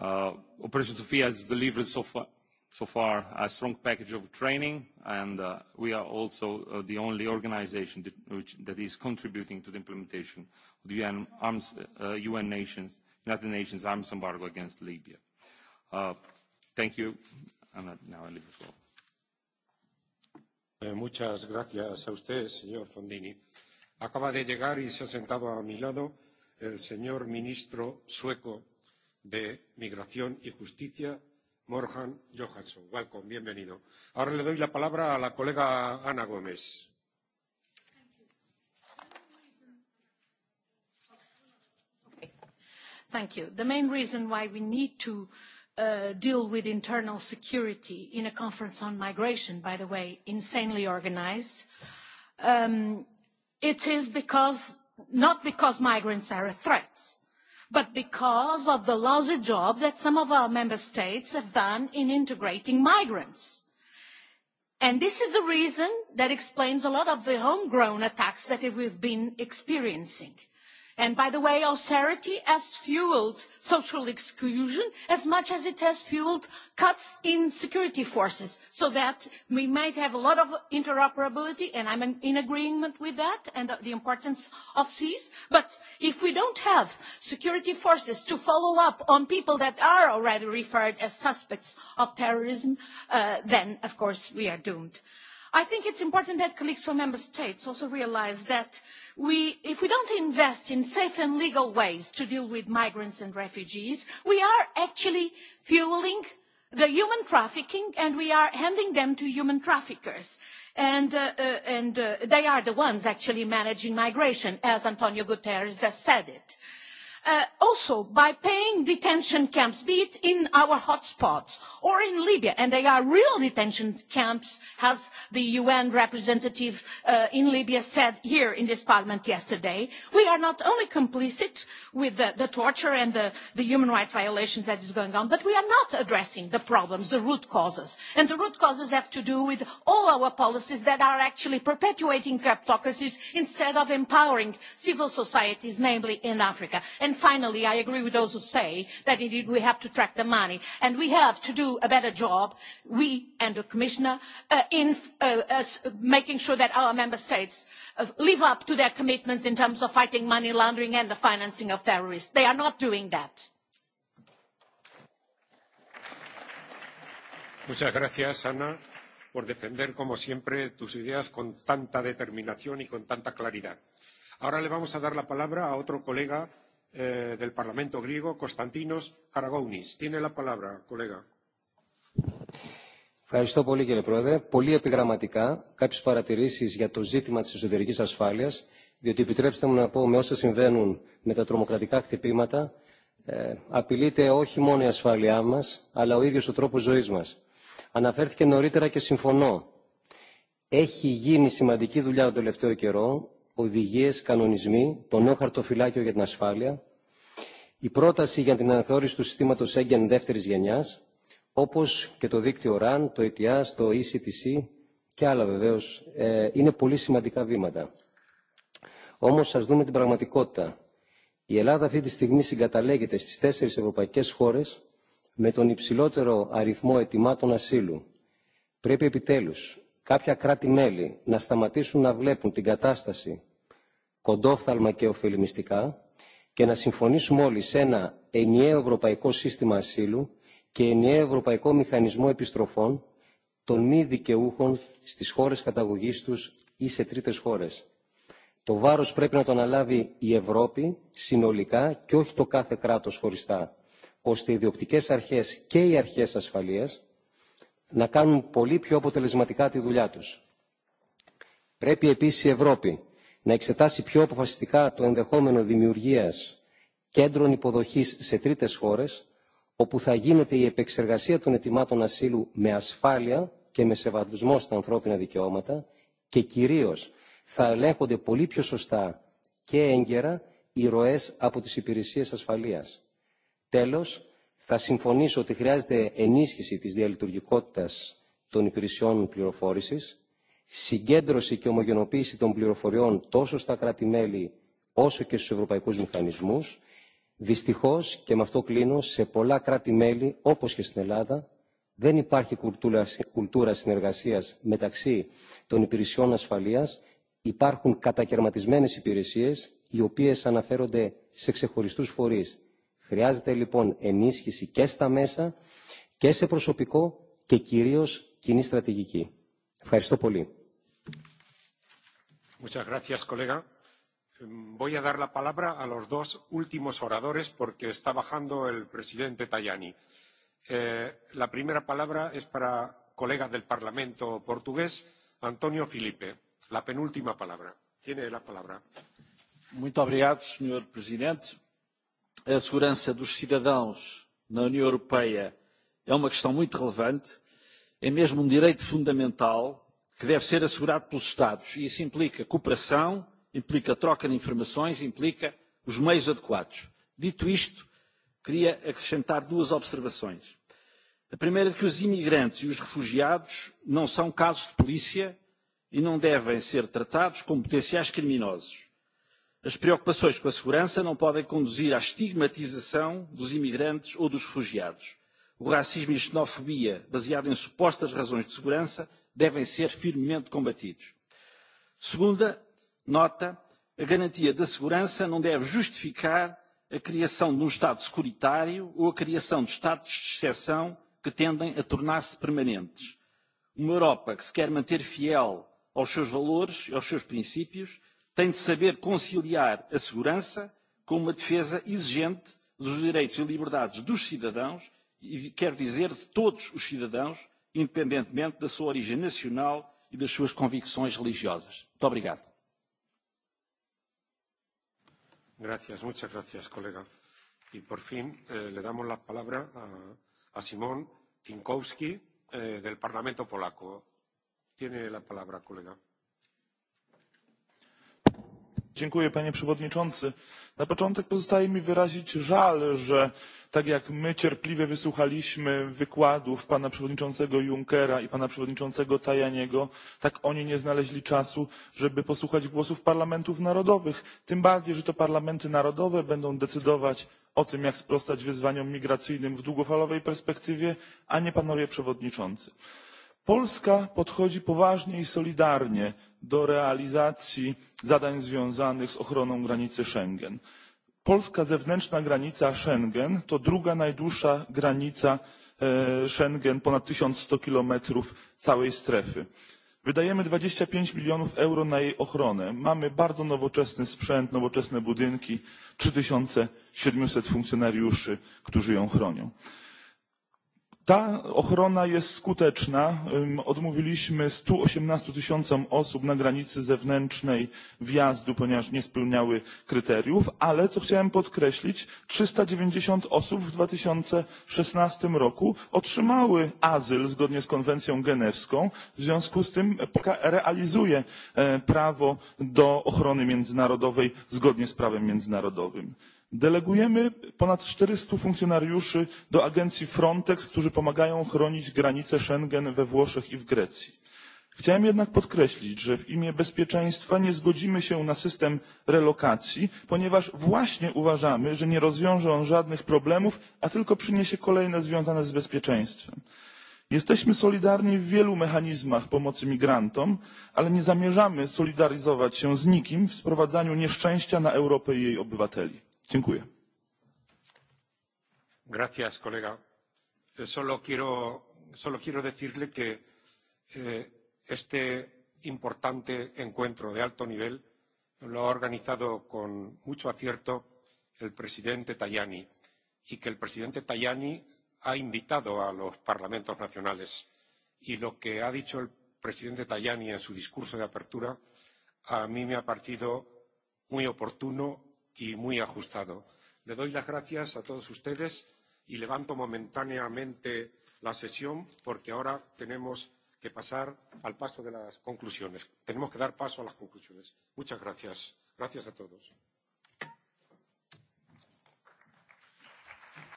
S14: Uh, Operation Sophia has delivered so far so far a strong package of training and uh, we are also uh, the only organization that, which, that is contributing to the implementation of the UN, arms, uh, UN Nations, United Nations arms embargo against Libya. Uh, thank you
S1: and uh, now I leave the floor. Eh, muchas gracias a usted, señor Fondini. Acaba de llegar y se ha sentado a mi lado el señor ministro sueco de Migración y Justicia, Morhan Johansson. Welcome, bienvenido. Ahora le doy la palabra a la colega Ana Gómez.
S15: Thank you. The main reason why we need to Uh, deal with internal security in a conference on migration by the way insanely organized, um, it is because not because migrants are a threat but because of the lousy job that some of our member states have done in integrating migrants. And this is the reason that explains a lot of the homegrown attacks that we've been experiencing and by the way austerity has fuelled social exclusion as much as it has fuelled cuts in security forces so that we might have a lot of interoperability and i'm in agreement with that and the importance of seas but if we don't have security forces to follow up on people that are already referred as suspects of terrorism uh, then of course we are doomed. I think it's important that colleagues from member states also realise that we, if we don't invest in safe and legal ways to deal with migrants and refugees, we are actually fueling the human trafficking and we are handing them to human traffickers and, uh, uh, and uh, they are the ones actually managing migration as antonio guterres has said it Uh, also by paying detention camps, be it in our hotspots or in Libya, and they are real detention camps, as the UN representative uh, in Libya said here in this parliament yesterday, we are not only complicit with the, torture and the, human rights violations that is going on, but we are not addressing the problems, the root causes. And the root causes have to do with all our policies that are actually perpetuating kleptocracies instead of empowering civil societies, namely in Africa. And finally, I agree with those who say that indeed we have to track the money and we have to do a better job, we and the Commissioner, uh, in uh, uh, making sure that our Member States uh, live up to their commitments in terms of fighting money laundering and the financing of terrorists. They are not doing that.
S1: Muchas gracias, Ana, por defender, como siempre, tus ideas con tanta determinación y con tanta claridad. Ahora le vamos a dar la palabra a otro colega del Parlamento griego, Konstantinos Karagounis. Tiene la palabra, colega.
S16: Ευχαριστώ πολύ κύριε Πρόεδρε. Πολύ επιγραμματικά κάποιες παρατηρήσεις για το ζήτημα της εσωτερικής ασφάλειας, διότι επιτρέψτε μου να πω με όσα συμβαίνουν με τα τρομοκρατικά χτυπήματα, ε, απειλείται όχι μόνο η ασφάλειά μας, αλλά ο ίδιος ο τρόπος ζωής μας. Αναφέρθηκε νωρίτερα και συμφωνώ. Έχει γίνει σημαντική δουλειά τον τελευταίο καιρό οδηγίες, κανονισμοί, το νέο χαρτοφυλάκιο για την ασφάλεια, η πρόταση για την αναθεώρηση του συστήματος έγκαιν δεύτερης γενιάς, όπως και το δίκτυο RAN, το ETIAS, το ECTC και άλλα βεβαίως, είναι πολύ σημαντικά βήματα. Όμως ας δούμε την πραγματικότητα. Η Ελλάδα αυτή τη στιγμή συγκαταλέγεται στις τέσσερις ευρωπαϊκές χώρες με τον υψηλότερο αριθμό ετοιμάτων ασύλου. Πρέπει επιτέλους κάποια κράτη-μέλη να σταματήσουν να βλέπουν την κατάσταση κοντόφθαλμα και ωφελημιστικά και να συμφωνήσουμε όλοι σε ένα ενιαίο ευρωπαϊκό σύστημα ασύλου και ενιαίο ευρωπαϊκό μηχανισμό επιστροφών των μη δικαιούχων στις χώρες καταγωγής τους ή σε τρίτες χώρες. Το βάρος πρέπει να το αναλάβει η Ευρώπη συνολικά και όχι το κάθε κράτος χωριστά, ώστε οι διοκτικές αρχές και οι αρχές ασφαλείας να κάνουν πολύ πιο αποτελεσματικά τη δουλειά τους. Πρέπει επίση η Ευρώπη να εξετάσει πιο αποφασιστικά το ενδεχόμενο δημιουργίας κέντρων υποδοχής σε τρίτες χώρες, όπου θα γίνεται η επεξεργασία των ετοιμάτων ασύλου με ασφάλεια και με σεβασμό στα ανθρώπινα δικαιώματα και κυρίως θα ελέγχονται πολύ πιο σωστά και έγκαιρα οι ροές από τις υπηρεσίες ασφαλείας. Τέλος, θα συμφωνήσω ότι χρειάζεται ενίσχυση της διαλειτουργικότητας των υπηρεσιών πληροφόρησης συγκέντρωση και ομογενοποίηση των πληροφοριών τόσο στα κράτη-μέλη όσο και στους ευρωπαϊκούς μηχανισμούς. Δυστυχώς, και με αυτό κλείνω, σε πολλά κράτη-μέλη, όπως και στην Ελλάδα, δεν υπάρχει κουλτούρα, κουλτούρα συνεργασίας μεταξύ των υπηρεσιών ασφαλείας. Υπάρχουν κατακαιρματισμένες υπηρεσίες, οι οποίες αναφέρονται σε ξεχωριστούς φορείς. Χρειάζεται λοιπόν ενίσχυση και στα μέσα και σε προσωπικό και κυρίως κοινή στρατηγική. Ευχαριστώ πολύ.
S1: Muchas colega. Voy a dar la palabra a los dos últimos oradores porque está bajando el presidente Tajani. Eh, la primera palabra es para colega del Parlamento portugués, Antonio Filipe. La penúltima palabra. Tiene la palabra.
S17: Muito obrigado, senhor Presidente. A segurança dos cidadãos na União Europeia é uma questão muito relevante, é mesmo um direito fundamental que deve ser assegurado pelos Estados e isso implica cooperação, implica troca de informações, implica os meios adequados. Dito isto, queria acrescentar duas observações. A primeira é que os imigrantes e os refugiados não são casos de polícia e não devem ser tratados como potenciais criminosos. As preocupações com a segurança não podem conduzir à estigmatização dos imigrantes ou dos refugiados. O racismo e a xenofobia, baseado em supostas razões de segurança, devem ser firmemente combatidos. Segunda nota, a garantia da segurança não deve justificar a criação de um Estado securitário ou a criação de Estados de exceção que tendem a tornar-se permanentes. Uma Europa que se quer manter fiel aos seus valores e aos seus princípios tem de saber conciliar a segurança com uma defesa exigente dos direitos e liberdades dos cidadãos, e quero dizer de todos os cidadãos, independentemente da sua origem nacional e das suas convicções religiosas. Muito obrigado.
S1: Gracias, muchas gracias, colega. Y por fin eh, le damos la palabra a, a Simón Tinkowski eh, del Parlamento Polaco. Tiene la palabra, colega.
S18: Dziękuję, panie przewodniczący! na początek pozostaje mi wyrazić żal że tak jak my cierpliwie wysłuchaliśmy wykładów pana przewodniczącego junckera i pana przewodniczącego tajaniego tak oni nie znaleźli czasu żeby posłuchać głosów parlamentów narodowych tym bardziej że to parlamenty narodowe będą decydować o tym jak sprostać wyzwaniom migracyjnym w długofalowej perspektywie a nie panowie przewodniczący polska podchodzi poważnie i solidarnie do realizacji zadań związanych z ochroną granicy schengen. polska zewnętrzna granica schengen to druga najdłuższa granica e, schengen ponad tysiąc sto kilometrów całej strefy. wydajemy dwadzieścia pięć milionów euro na jej ochronę mamy bardzo nowoczesny sprzęt nowoczesne budynki trzy siedemset funkcjonariuszy którzy ją chronią. Ta ochrona jest skuteczna. Odmówiliśmy 118 tysiącom osób na granicy zewnętrznej wjazdu, ponieważ nie spełniały kryteriów, ale co chciałem podkreślić, 390 osób w 2016 roku otrzymały azyl zgodnie z konwencją genewską. W związku z tym realizuje e, prawo do ochrony międzynarodowej zgodnie z prawem międzynarodowym. Delegujemy ponad 400 funkcjonariuszy do agencji Frontex, którzy pomagają chronić granice Schengen we Włoszech i w Grecji. Chciałem jednak podkreślić, że w imię bezpieczeństwa nie zgodzimy się na system relokacji, ponieważ właśnie uważamy, że nie rozwiąże on żadnych problemów, a tylko przyniesie kolejne związane z bezpieczeństwem. Jesteśmy solidarni w wielu mechanizmach pomocy migrantom, ale nie zamierzamy solidaryzować się z nikim w sprowadzaniu nieszczęścia na Europę i jej obywateli. Dziękuję.
S1: Gracias, colega. Solo quiero, solo quiero decirle que eh, este importante encuentro de alto nivel lo ha organizado con mucho acierto el presidente Tajani y que el presidente Tajani ha invitado a los parlamentos nacionales y lo que ha dicho el presidente Tajani en su discurso de apertura a mí me ha parecido muy oportuno y muy ajustado. Le doy las gracias a todos ustedes y levanto momentáneamente la sesión porque ahora tenemos que pasar al paso de las conclusiones. Tenemos que dar paso a las conclusiones. Muchas gracias. Gracias a todos.